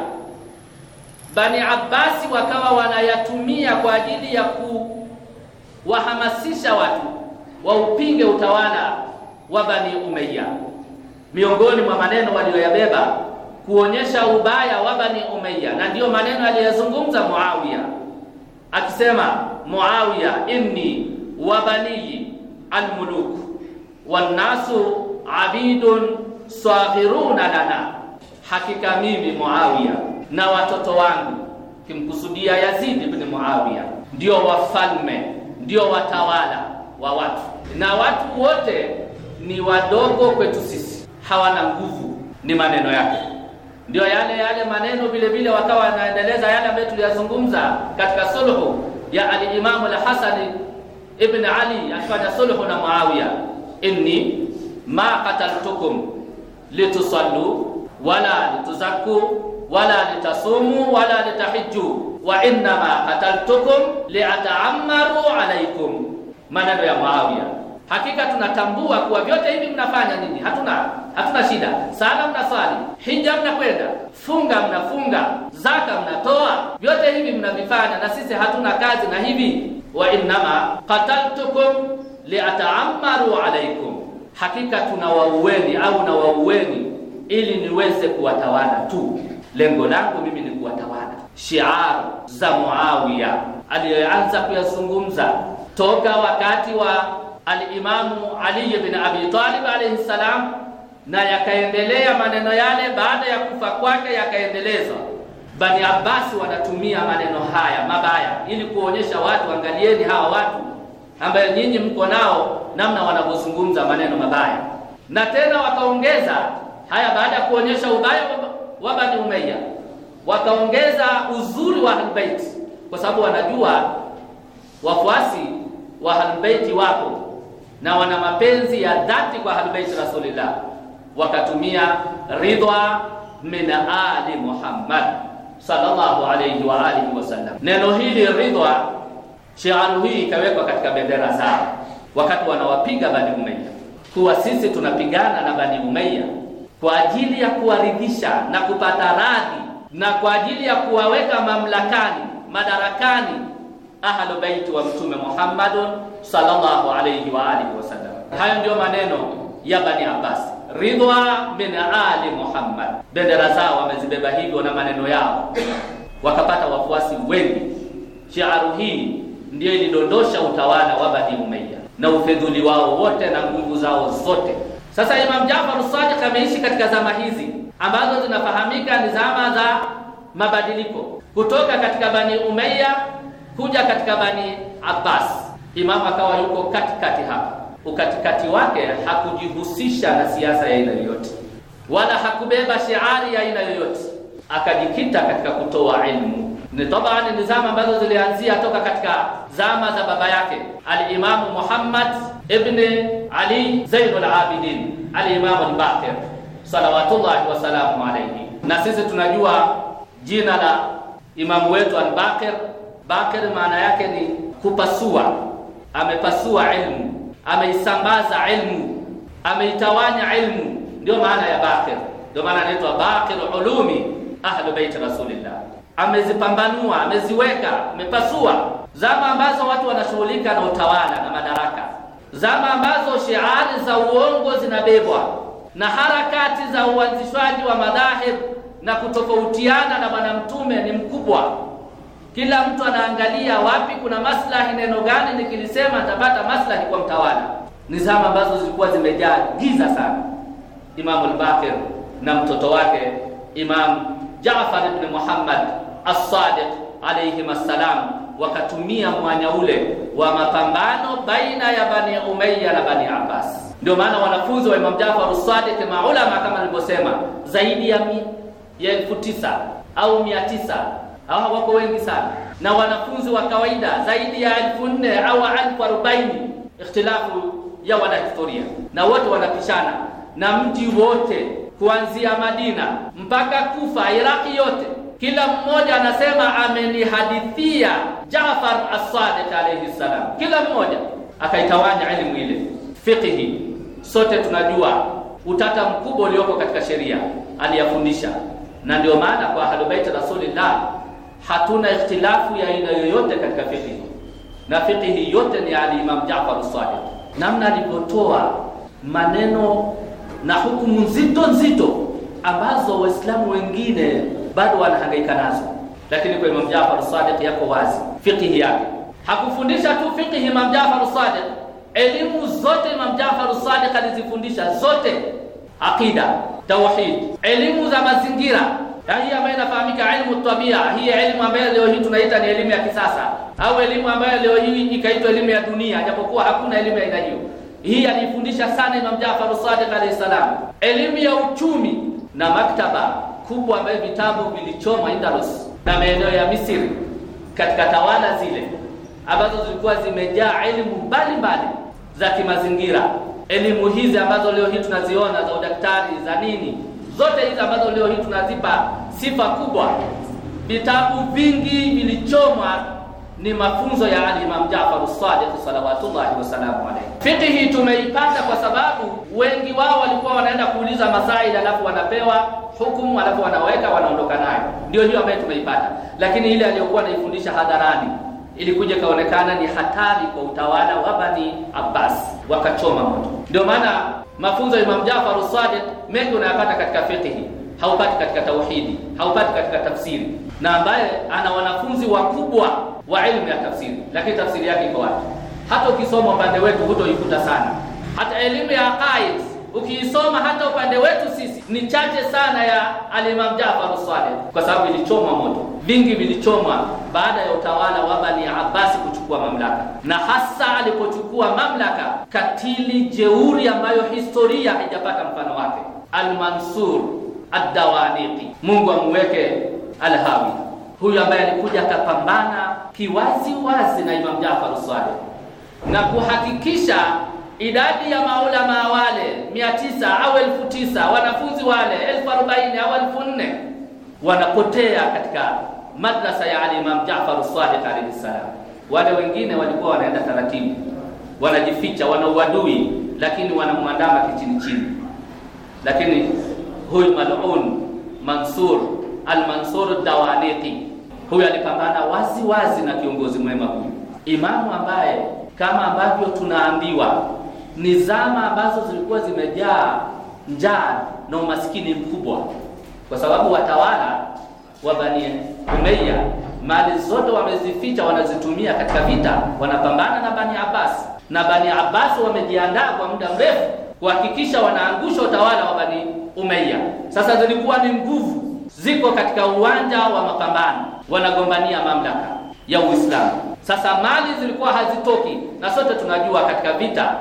Bani Abbasi wakawa wanayatumia kwa ajili ya kuwahamasisha watu waupinge utawala wa Bani Umayya. Miongoni mwa maneno waliyoyabeba kuonyesha ubaya wa Bani Umayya, na ndiyo maneno aliyoyazungumza Muawiya akisema, Muawiya, inni wa baniyi almuluku wannasu abidun saghiruna lana, hakika mimi Muawiya na watoto wangu, kimkusudia Yazid ibn Muawiya, ndio wafalme, ndio watawala wa watu, na watu wote ni wadogo kwetu sisi, hawana nguvu. Ni maneno yake, ndio yale yale maneno vile vile wakawa wanaendeleza yale ambayo tuliyazungumza katika sulhu ya al-Imam al-Hasan ibn Ali, akifanya sulhu na Muawiya, inni ma qataltukum litusallu wala lituzakku wala litasumu wala litahijju wa innama qataltukum liata'ammaru alaykum, maneno ya Muawiya. Hakika tunatambua kuwa vyote hivi mnafanya nini, hatuna hatuna shida. Sala mnasali, hija mnakwenda, funga mnafunga, zaka mnatoa, vyote hivi mnavifanya, na sisi hatuna kazi na hivi. Wa innama qataltukum liata'ammaru alaykum Hakika tunawaueni au nawaueni ili niweze kuwatawala tu. Lengo langu mimi ni kuwatawala. Shiar za Muawiya aliyoanza kuyazungumza toka wakati wa Alimamu Ali bin Abi Talib alayhi salam, na yakaendelea maneno yale baada ya kufa kwake yakaendelezwa. Bani Abbasi wanatumia maneno haya mabaya ili kuonyesha watu, angalieni hawa watu ambayo nyinyi mko nao, namna wanavyozungumza maneno mabaya. Na tena wakaongeza haya, baada ya kuonyesha ubaya wa Bani Umayya, wakaongeza uzuri wa Ahlulbayt, kwa sababu wanajua wafuasi wa Ahlulbayt wako na wana mapenzi ya dhati kwa Ahlulbayt Rasulillah, wakatumia ridwa min ali Muhammad sallallahu alayhi wa alihi wasallam, neno hili ridwa Shiaru hii ikawekwa katika bendera zao wakati wanawapiga Bani Umayya, kuwa sisi tunapigana na Bani Umayya kwa ajili ya kuwaridhisha na kupata radhi na kwa ajili ya kuwaweka mamlakani, madarakani ahlu baiti wa Mtume Muhammad sallallahu alayhi wa alihi wasallam. Hayo ndiyo maneno ya Bani Abbas ridwa min ali Muhammad. Bendera zao wamezibeba hivyo na maneno yao, wakapata wafuasi wengi. Shiaru hii ndiyo ilidondosha utawala wa Bani Umayya na ufedhuli wao wote na nguvu zao zote. Sasa Imam jafar Sadiq ameishi katika zama hizi ambazo zinafahamika ni zama za mabadiliko, kutoka katika Bani Umayya kuja katika Bani Abbas. Imam akawa yuko katikati hapa. Ukatikati wake hakujihusisha na siasa ya aina yoyote, wala hakubeba shiari ya aina yoyote, akajikita katika kutoa elimu ni taban ni zama ambazo zilianzia toka katika zama za baba yake Alimamu Muhammad ibn Ali Zainul Abidin Alimamu Albaqir salawatullahi wasalamu alayhi. Na sisi tunajua jina la imamu wetu al-Baqir. Baqir maana yake ni kupasua, amepasua ilmu, ameisambaza ilmu, ameitawanya ilmu, ndio maana ya Baqir, Ndio maana anaitwa Baqir ulumi ahlu bait rasulillah amezipambanua, ameziweka, amepasua. Zama ambazo watu wanashughulika na utawala na madaraka, zama ambazo shiari za uongo zinabebwa na harakati za uanzishwaji wa madhahib na kutofautiana na Bwana Mtume ni mkubwa. Kila mtu anaangalia wapi kuna maslahi, neno gani nikilisema ntapata maslahi kwa mtawala. Ni zama ambazo zilikuwa zimejaa giza sana. Imamu al na mtoto wake Imam Jafar ibn Muhammad as-Sadiq alayhim assalam, wakatumia mwanya ule wa mapambano baina ya Bani Umayya na Bani Abbas. Ndio maana wanafunzi wa Imam Jafar as-Sadiq maulama kama alivyosema zaidi ya elfu tisa au mia tisa au wako wengi sana, na wanafunzi wa kawaida zaidi ya elfu nne au elfu arobaini ikhtilafu ya wanahistoria, na wote wanapishana na mji wote kuanzia Madina mpaka Kufa, Iraki yote kila mmoja anasema amenihadithia jafar as-Sadiq alayhi salam. Kila mmoja akaitawanya elimu ile fiqhi. Sote tunajua utata mkubwa ulioko katika sheria aliyafundisha, na ndio maana kwa Ahlulbaiti Rasulillah hatuna ikhtilafu ya aina yoyote katika fiqhi, na fiqhi yote ni al-Imam Jaafar as-Sadiq, namna alipotoa maneno na hukumu nzito nzito ambazo Waislamu wengine bado wanahangaika nazo, lakini kwa Imam Jafar Sadiq yako wazi fikihi yake. Hakufundisha tu fikihi Imam Jafar Sadiq, elimu zote Imam Jafar Sadiq alizifundisha zote, aqida, tauhid, elimu za mazingira hii ambayo inafahamika ilmu tabia, hii elimu ambayo leo hii tunaita ni elimu ya kisasa au elimu ambayo leo hii ikaitwa elimu ya dunia, japokuwa hakuna elimu ya aina hiyo. Hii alifundisha sana Imam Jafar Sadiq alayhi salam, elimu ya uchumi na maktaba kubwa ambayo vitabu vilichomwa Indalus na maeneo ya Misri katika tawala zile ambazo zilikuwa zimejaa elimu mbalimbali za kimazingira. Elimu hizi ambazo leo hii tunaziona za udaktari za nini, zote hizi ambazo leo hii tunazipa sifa kubwa, vitabu vingi vilichomwa ni mafunzo ya Alimam Jaafar as-Sadiq salawatullahi wasalamu alayhi. Fiqh tumeipata kwa sababu wengi wao walikuwa wanaenda kuuliza masaili, alafu wanapewa hukumu, alafu wanaweka wanaondoka nayo, ndio hiyo ambayo tumeipata. Lakini ile aliyokuwa anaifundisha hadharani ilikuja kaonekana ni hatari kwa utawala wa Bani Abbas, wakachoma moto. Ndio maana mafunzo ya Imam Jaafar as-Sadiq mengi unayapata katika fiqh, haupati katika tauhidi, haupati katika tafsiri na ambaye ana wanafunzi wakubwa wa elimu ya tafsiri, lakini tafsiri yake iko wapi? Hata ukisoma upande wetu hutoikuta sana. Hata elimu ya aqaid ukiisoma hata upande wetu sisi ni chache sana ya Alimam Jafar Saleh, kwa sababu ilichomwa moto, vingi vilichomwa baada ya utawala wa Bani Abbasi kuchukua mamlaka, na hasa alipochukua mamlaka, katili jeuri ambayo historia haijapata mfano wake, Almansur Adawaniqi, Mungu amuweke Alhawi, huyu ambaye alikuja akapambana kiwazi wazi na Imam jafar Sadiq na kuhakikisha idadi ya maulama wale mia tisa au elfu tisa wanafunzi wale elfu arobaini au elfu nne wanapotea katika madrasa ya Ali Imam jafar Sadiq alayhi salam. Wale wengine walikuwa wanaenda taratibu, wanajificha, wana uadui, lakini wanamwandama kichini chini. Lakini huyu mal'un Mansur Al-Mansur Dawaneti. Huyu alipambana wazi wazi na kiongozi mwema huyu, imamu ambaye kama ambavyo tunaambiwa ni zama ambazo zilikuwa zimejaa njaa na umaskini mkubwa, kwa sababu watawala wa Bani Umayya mali zote wamezificha, wanazitumia katika vita, wanapambana na Bani Abbas, na Bani Abbas wamejiandaa kwa muda mrefu kuhakikisha wanaangusha utawala wa Bani Umayya. Sasa zilikuwa ni nguvu ziko katika uwanja wa mapambano, wanagombania mamlaka ya Uislamu. Sasa mali zilikuwa hazitoki, na sote tunajua katika vita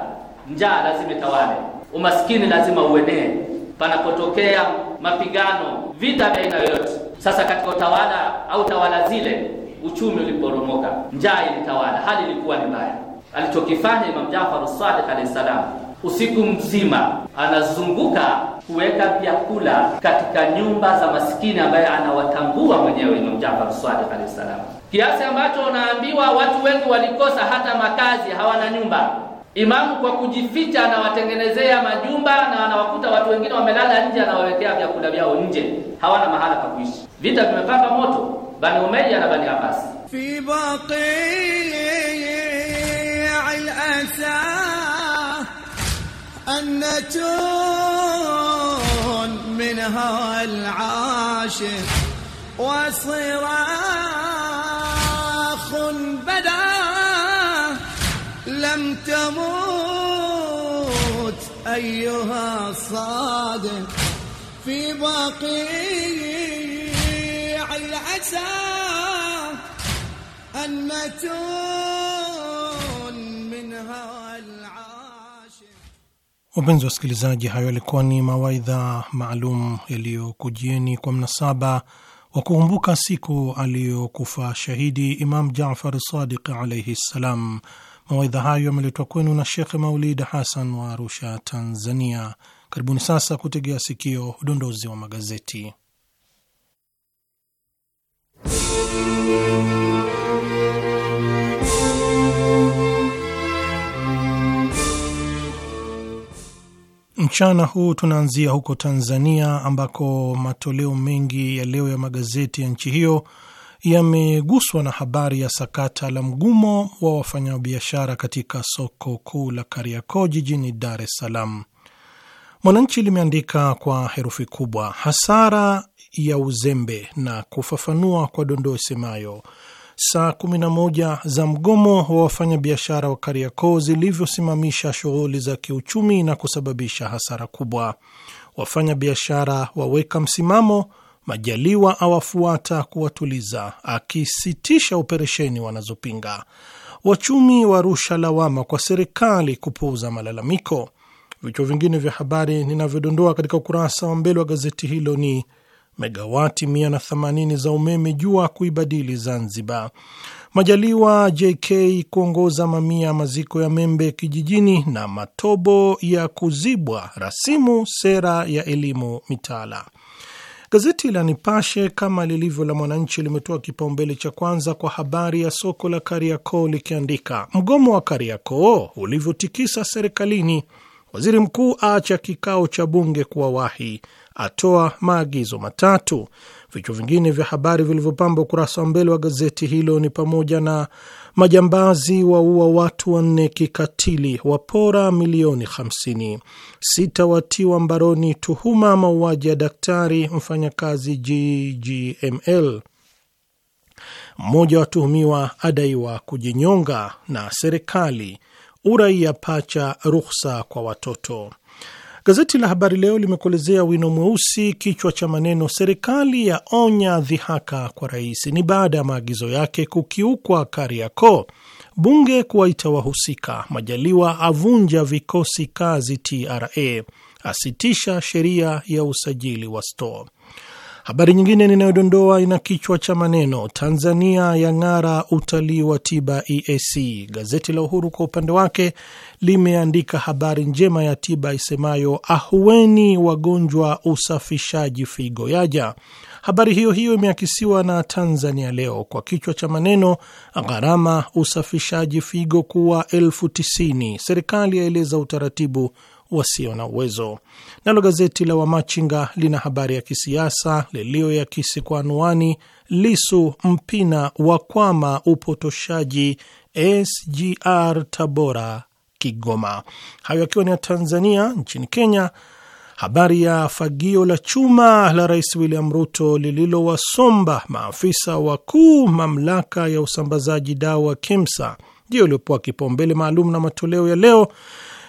njaa lazima itawale, umaskini lazima uenee panapotokea mapigano, vita vya aina yoyote. Sasa katika utawala au tawala zile, uchumi uliporomoka, njaa ilitawala, hali ilikuwa ni mbaya. Alichokifanya Imam Jaafar Sadiq alayhi salam usiku mzima, anazunguka kuweka vyakula katika nyumba za masikini ambaye anawatambua mwenyewe Imam Jafar Sadiq alayhi salam, kiasi ambacho unaambiwa watu wengi walikosa hata makazi, hawana nyumba. Imamu kwa kujificha anawatengenezea majumba na anawakuta watu wengine wamelala nje, anawawekea vyakula vyao nje, hawana mahala pa kuishi. Vita vimepaka moto, Bani Umayya na Bani Abbas fi baqi al أنتون هوى العاشق وصراخ بدا لم تموت أيها الصادق في بقيع الأسى أنتون هوى Wapenzi wa wasikilizaji, hayo yalikuwa ni mawaidha maalum yaliyokujieni kwa mnasaba wa kukumbuka siku aliyokufa shahidi Imam Jafar Sadiq alaihi ssalam. Mawaidha hayo yameletwa kwenu na Shekh Maulid Hasan wa Arusha, Tanzania. Karibuni sasa kutegea sikio udondozi wa magazeti. Mchana huu tunaanzia huko Tanzania ambako matoleo mengi ya leo ya magazeti ya nchi hiyo yameguswa na habari ya sakata la mgumo wa wafanyabiashara katika soko kuu la Kariakoo jijini Dar es Salaam. Mwananchi limeandika kwa herufi kubwa hasara ya uzembe na kufafanua kwa dondoo isemayo saa 11 za mgomo wa wafanyabiashara wa Kariakoo zilivyosimamisha shughuli za kiuchumi na kusababisha hasara kubwa. Wafanyabiashara waweka msimamo, Majaliwa awafuata kuwatuliza, akisitisha operesheni wanazopinga. Wachumi warusha lawama kwa serikali kupuuza malalamiko. Vichwa vingine vya habari ninavyodondoa katika ukurasa wa mbele wa gazeti hilo ni megawati 180 za umeme jua kuibadili Zanzibar. Majaliwa JK kuongoza mamia maziko ya Membe kijijini na matobo ya kuzibwa rasimu sera ya elimu mitaala. Gazeti la Nipashe kama lilivyo la Mwananchi limetoa kipaumbele cha kwanza kwa habari ya soko la Kariakoo likiandika mgomo wa Kariakoo ulivyotikisa serikalini, waziri mkuu aacha kikao cha bunge kuwa wahi, atoa maagizo matatu. Vichwa vingine vya habari vilivyopamba ukurasa wa mbele wa gazeti hilo ni pamoja na majambazi waua watu wanne kikatili, wapora milioni 50, sita watiwa mbaroni tuhuma mauaji ya daktari mfanyakazi GGML, mmoja watuhumiwa adaiwa kujinyonga, na serikali uraia pacha ruhusa kwa watoto. Gazeti la Habari Leo limekuelezea wino mweusi, kichwa cha maneno, serikali ya onya dhihaka kwa rais, ni baada ya maagizo yake kukiukwa Kariakoo, bunge kuwaita wahusika, Majaliwa avunja vikosi kazi TRA, asitisha sheria ya usajili wa store. Habari nyingine ninayodondoa ina kichwa cha maneno Tanzania ya ngara utalii wa tiba EAC. Gazeti la Uhuru kwa upande wake limeandika habari njema ya tiba isemayo ahueni wagonjwa usafishaji figo yaja. Habari hiyo hiyo imeakisiwa na Tanzania Leo kwa kichwa cha maneno gharama usafishaji figo kuwa elfu tisini serikali yaeleza utaratibu wasio na uwezo. Nalo gazeti la Wamachinga lina habari ya kisiasa liliyoyakisi kwa anwani Lisu Mpina wakwama upotoshaji SGR Tabora Kigoma. Hayo akiwa ni ya Tanzania. Nchini Kenya, habari ya fagio la chuma la Rais William Ruto lililowasomba maafisa wakuu mamlaka ya usambazaji dawa KEMSA ndiyo iliyopewa kipaumbele maalum na matoleo ya leo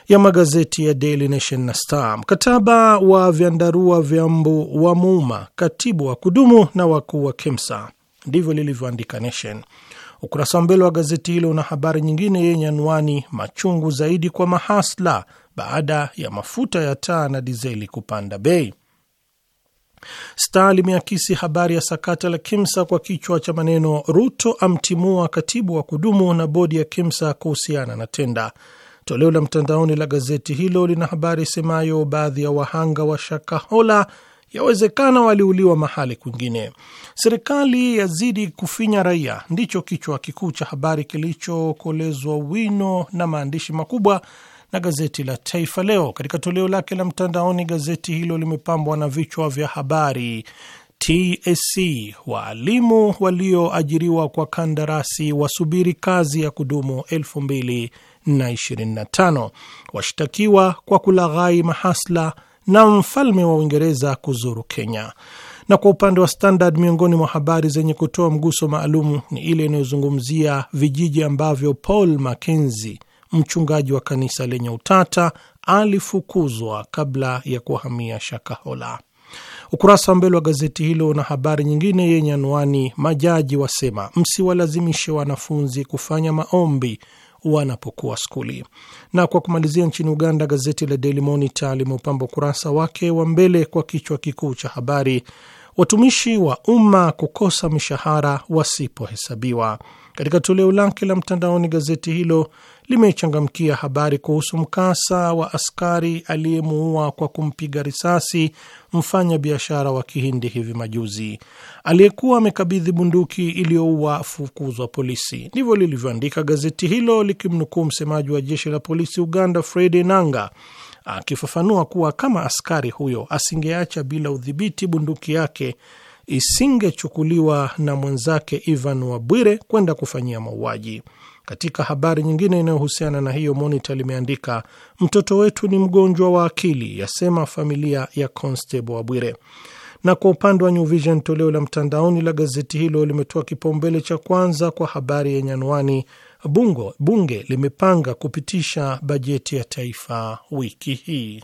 ya magazeti ya Daily Nation na Star. Mkataba wa vyandarua vya mbu wa muuma katibu wa kudumu na wakuu wa KEMSA, ndivyo lilivyoandika Nation. Ukurasa wa mbele wa gazeti hilo una habari nyingine yenye anwani machungu zaidi kwa mahasla baada ya mafuta ya taa na dizeli kupanda bei. Star limeakisi habari ya sakata la KEMSA kwa kichwa cha maneno Ruto amtimua katibu wa kudumu na bodi ya KEMSA kuhusiana na tenda. Toleo la mtandaoni la gazeti hilo lina habari semayo baadhi ya wahanga wa Shakahola yawezekana waliuliwa mahali kwingine. Serikali yazidi kufinya raia, ndicho kichwa kikuu cha habari kilichokolezwa wino na maandishi makubwa na gazeti la Taifa Leo. Katika toleo lake la mtandaoni, gazeti hilo limepambwa na vichwa vya habari: TSC, waalimu walioajiriwa kwa kandarasi wasubiri kazi ya kudumu elfu mbili na 25. Washtakiwa kwa kulaghai mahasla na mfalme wa Uingereza kuzuru Kenya. Na kwa upande wa Standard, miongoni mwa habari zenye kutoa mguso maalum ni ile inayozungumzia vijiji ambavyo Paul Mackenzie, mchungaji wa kanisa lenye utata, alifukuzwa kabla ya kuhamia Shakahola. Ukurasa wa mbele wa gazeti hilo na habari nyingine yenye anwani, majaji wasema msiwalazimishe wanafunzi kufanya maombi wanapokuwa skuli. Na kwa kumalizia, nchini Uganda, gazeti la Daily Monitor limeupamba ukurasa wake wa mbele kwa kichwa kikuu cha habari, watumishi wa umma kukosa mishahara wasipohesabiwa. Katika toleo lake la mtandaoni, gazeti hilo limechangamkia habari kuhusu mkasa wa askari aliyemuua kwa kumpiga risasi mfanya biashara wa Kihindi hivi majuzi aliyekuwa amekabidhi bunduki iliyoua fukuzwa polisi. Ndivyo lilivyoandika gazeti hilo likimnukuu msemaji wa jeshi la polisi Uganda Fred nanga akifafanua kuwa kama askari huyo asingeacha bila udhibiti bunduki yake isingechukuliwa na mwenzake Ivan Wabwire kwenda kufanyia mauaji. Katika habari nyingine inayohusiana na hiyo, Monita limeandika mtoto wetu ni mgonjwa wa akili, yasema familia ya Constable Wabwire. Na kwa upande wa New Vision toleo la mtandaoni la gazeti hilo limetoa kipaumbele cha kwanza kwa habari yenye anwani bunge limepanga kupitisha bajeti ya taifa wiki hii.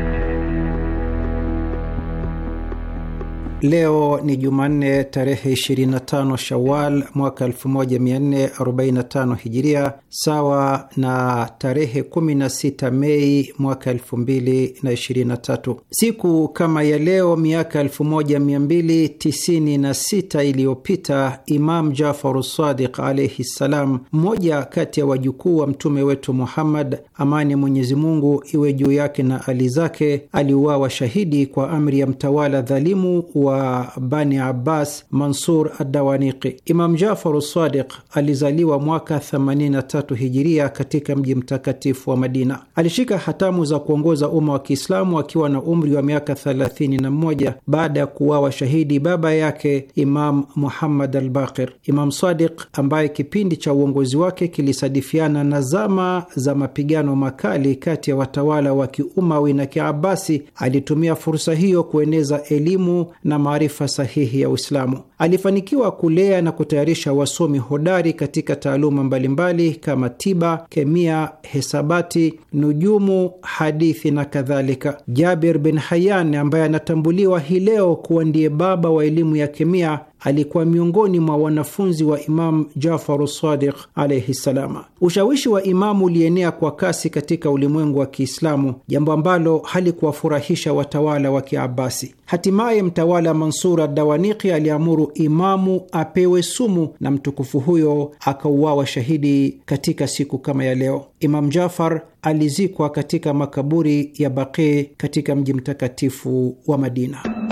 Leo ni Jumanne tarehe 25 Shawal mwaka 1445 Hijiria, sawa na tarehe 16 Mei mwaka 2023. Siku kama ya leo miaka 1296 iliyopita, Imam Jafaru Sadiq alaihi ssalam, mmoja kati ya wajukuu wa mtume wetu Muhammad, amani ya Mwenyezi Mungu iwe juu yake na ali zake, aliuawa shahidi kwa amri ya mtawala dhalimu wa wa Bani Abbas, Mansur Adawaniqi. Imam jafar Sadiq alizaliwa mwaka 83 hijiria katika mji mtakatifu wa Madina. Alishika hatamu za kuongoza umma wa Kiislamu akiwa na umri wa miaka 31 baada ya kuwawa shahidi baba yake Imam Muhammad Albaqir. Imam Sadiq ambaye kipindi cha uongozi wake kilisadifiana na zama za mapigano makali kati ya watawala wa Kiumawi na Kiabasi, alitumia fursa hiyo kueneza elimu na maarifa sahihi ya Uislamu. Alifanikiwa kulea na kutayarisha wasomi hodari katika taaluma mbalimbali kama tiba, kemia, hesabati, nujumu, hadithi na kadhalika. Jabir bin Hayyan ambaye anatambuliwa hii leo kuwa ndiye baba wa elimu ya kemia alikuwa miongoni mwa wanafunzi wa Imamu Jafaru Sadiq alaihi ssalama. Ushawishi wa Imamu ulienea kwa kasi katika ulimwengu wa Kiislamu, jambo ambalo halikuwafurahisha watawala wa Kiabasi. Hatimaye mtawala Mansur Adawaniki aliamuru Imamu apewe sumu na mtukufu huyo akauawa shahidi katika siku kama ya leo. Imamu Jafar alizikwa katika makaburi ya Baqi katika mji mtakatifu wa Madina.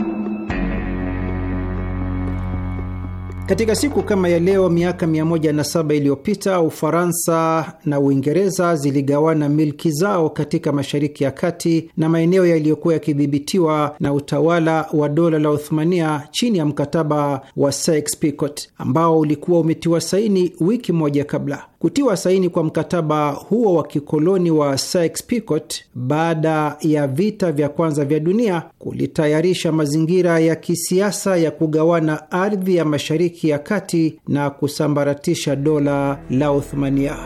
Katika siku kama ya leo miaka 107 iliyopita Ufaransa na Uingereza ziligawana milki zao katika Mashariki ya Kati na maeneo yaliyokuwa yakidhibitiwa na utawala wa dola la Uthmania chini ya mkataba wa Sykes-Picot ambao ulikuwa umetiwa saini wiki moja kabla. Kutiwa saini kwa mkataba huo wa kikoloni wa Sykes-Picot baada ya vita vya kwanza vya dunia kulitayarisha mazingira ya kisiasa ya kugawana ardhi ya Mashariki ya Kati na kusambaratisha dola la Uthmania.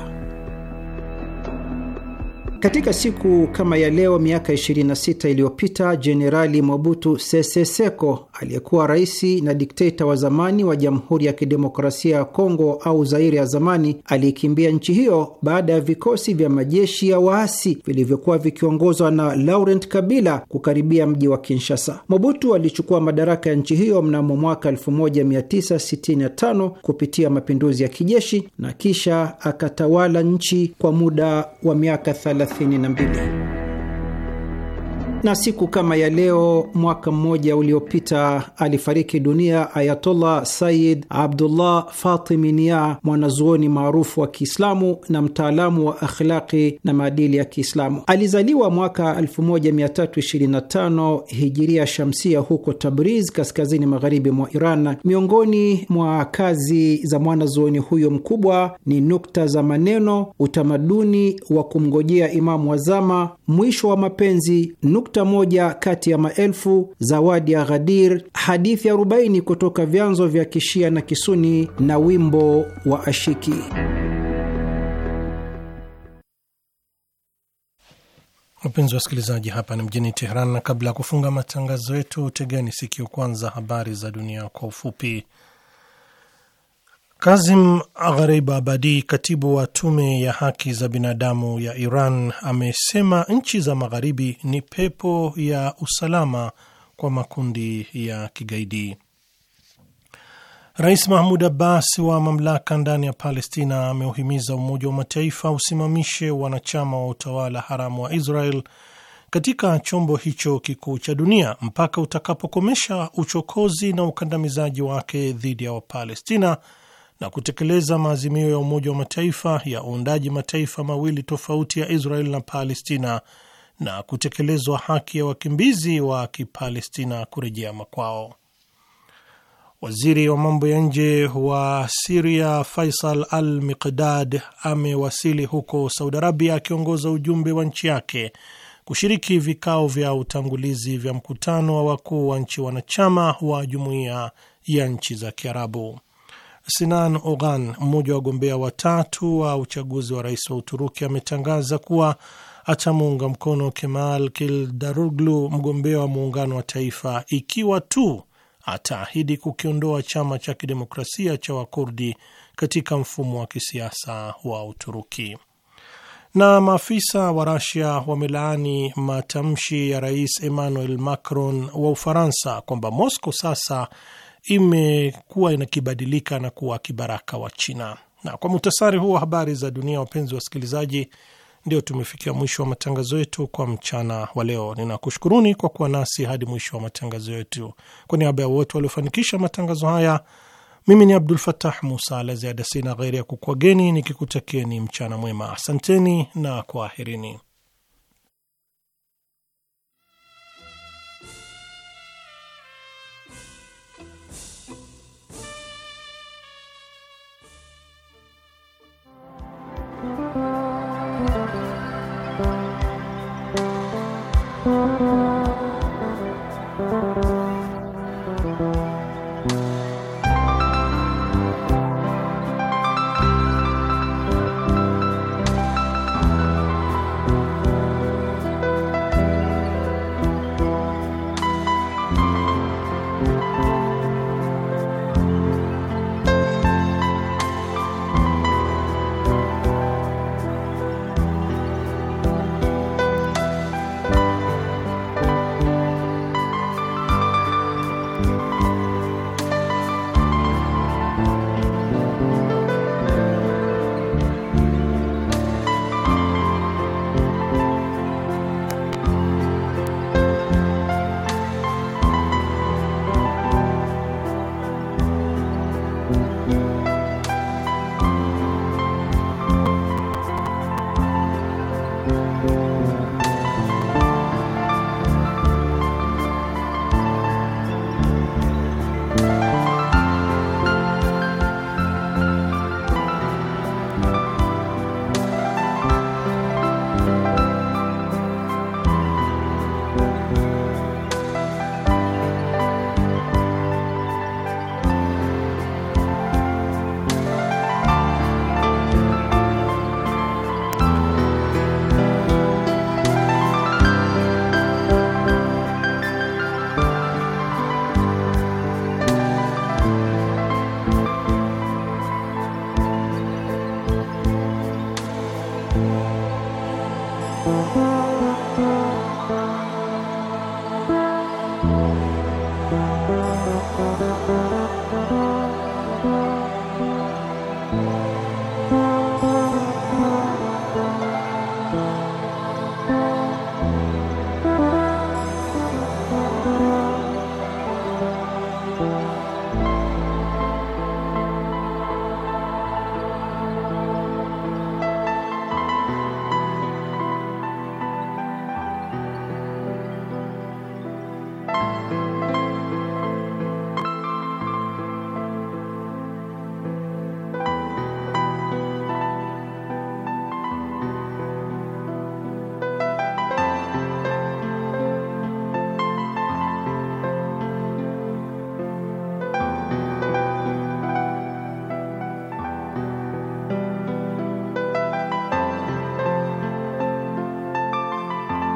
Katika siku kama ya leo miaka 26 iliyopita Jenerali Mobutu Sese Seko aliyekuwa rais na dikteta wa zamani wa Jamhuri ya Kidemokrasia ya Kongo au Zaire ya zamani aliyekimbia nchi hiyo baada ya vikosi vya majeshi ya waasi vilivyokuwa vikiongozwa na Laurent Kabila kukaribia mji wa Kinshasa. Mobutu alichukua madaraka ya nchi hiyo mnamo mwaka 1965 kupitia mapinduzi ya kijeshi na kisha akatawala nchi kwa muda wa miaka 30. 32. Na siku kama ya leo mwaka mmoja uliopita alifariki dunia Ayatollah sayid Abdullah Fatimi Nia, mwanazuoni maarufu wa Kiislamu na mtaalamu wa akhlaqi na maadili ya Kiislamu. Alizaliwa mwaka 1325 hijiria shamsia huko Tabriz, kaskazini magharibi mwa Iran. Miongoni mwa kazi za mwanazuoni huyo mkubwa ni nukta za maneno, utamaduni wa kumgojea imamu wazama, mwisho wa mapenzi, nukta nukta moja kati ya maelfu, zawadi ya Ghadir, hadithi 40 kutoka vyanzo vya Kishia na Kisuni na wimbo wa Ashiki. Mpenzi wa wasikilizaji, hapa ni mjini Teheran, na kabla ya kufunga matangazo yetu, tegeni sikio kwanza habari za dunia kwa ufupi. Kazim gharib abadi katibu wa tume ya haki za binadamu ya Iran, amesema nchi za magharibi ni pepo ya usalama kwa makundi ya kigaidi. Rais Mahmud Abbas wa mamlaka ndani ya Palestina ameuhimiza Umoja wa Mataifa usimamishe wanachama wa utawala haramu wa Israel katika chombo hicho kikuu cha dunia mpaka utakapokomesha uchokozi na ukandamizaji wake dhidi ya Wapalestina na kutekeleza maazimio ya Umoja wa Mataifa ya uundaji mataifa mawili tofauti ya israel na Palestina na kutekelezwa haki ya wakimbizi wa Kipalestina kurejea makwao. Waziri wa mambo ya nje wa Siria Faisal Al Miqdad amewasili huko Saudi Arabia akiongoza ujumbe wa nchi yake kushiriki vikao vya utangulizi vya mkutano wa wakuu wa nchi wanachama wa jumuiya ya nchi za Kiarabu. Sinan Ogan, mmoja wa wagombea watatu wa uchaguzi wa rais wa Uturuki, ametangaza kuwa atamuunga mkono Kemal Kildaruglu, mgombea wa muungano wa taifa, ikiwa tu ataahidi kukiondoa chama cha kidemokrasia cha Wakurdi katika mfumo wa kisiasa wa Uturuki. Na maafisa wa Rasia wamelaani matamshi ya rais Emmanuel Macron wa Ufaransa kwamba Moscow sasa imekuwa inakibadilika na kuwa kibaraka wa China. Na kwa muhtasari huu wa habari za dunia, wapenzi wasikilizaji, ndio tumefikia mwisho wa matangazo yetu kwa mchana wa leo. Ninakushukuruni kwa kuwa nasi hadi mwisho wa matangazo yetu. Kwa niaba ya wote waliofanikisha matangazo haya, mimi ni Abdul Fatah Musa. La ziada sina ghairi ya kukwageni nikikutakieni mchana mwema. Asanteni na kwaherini.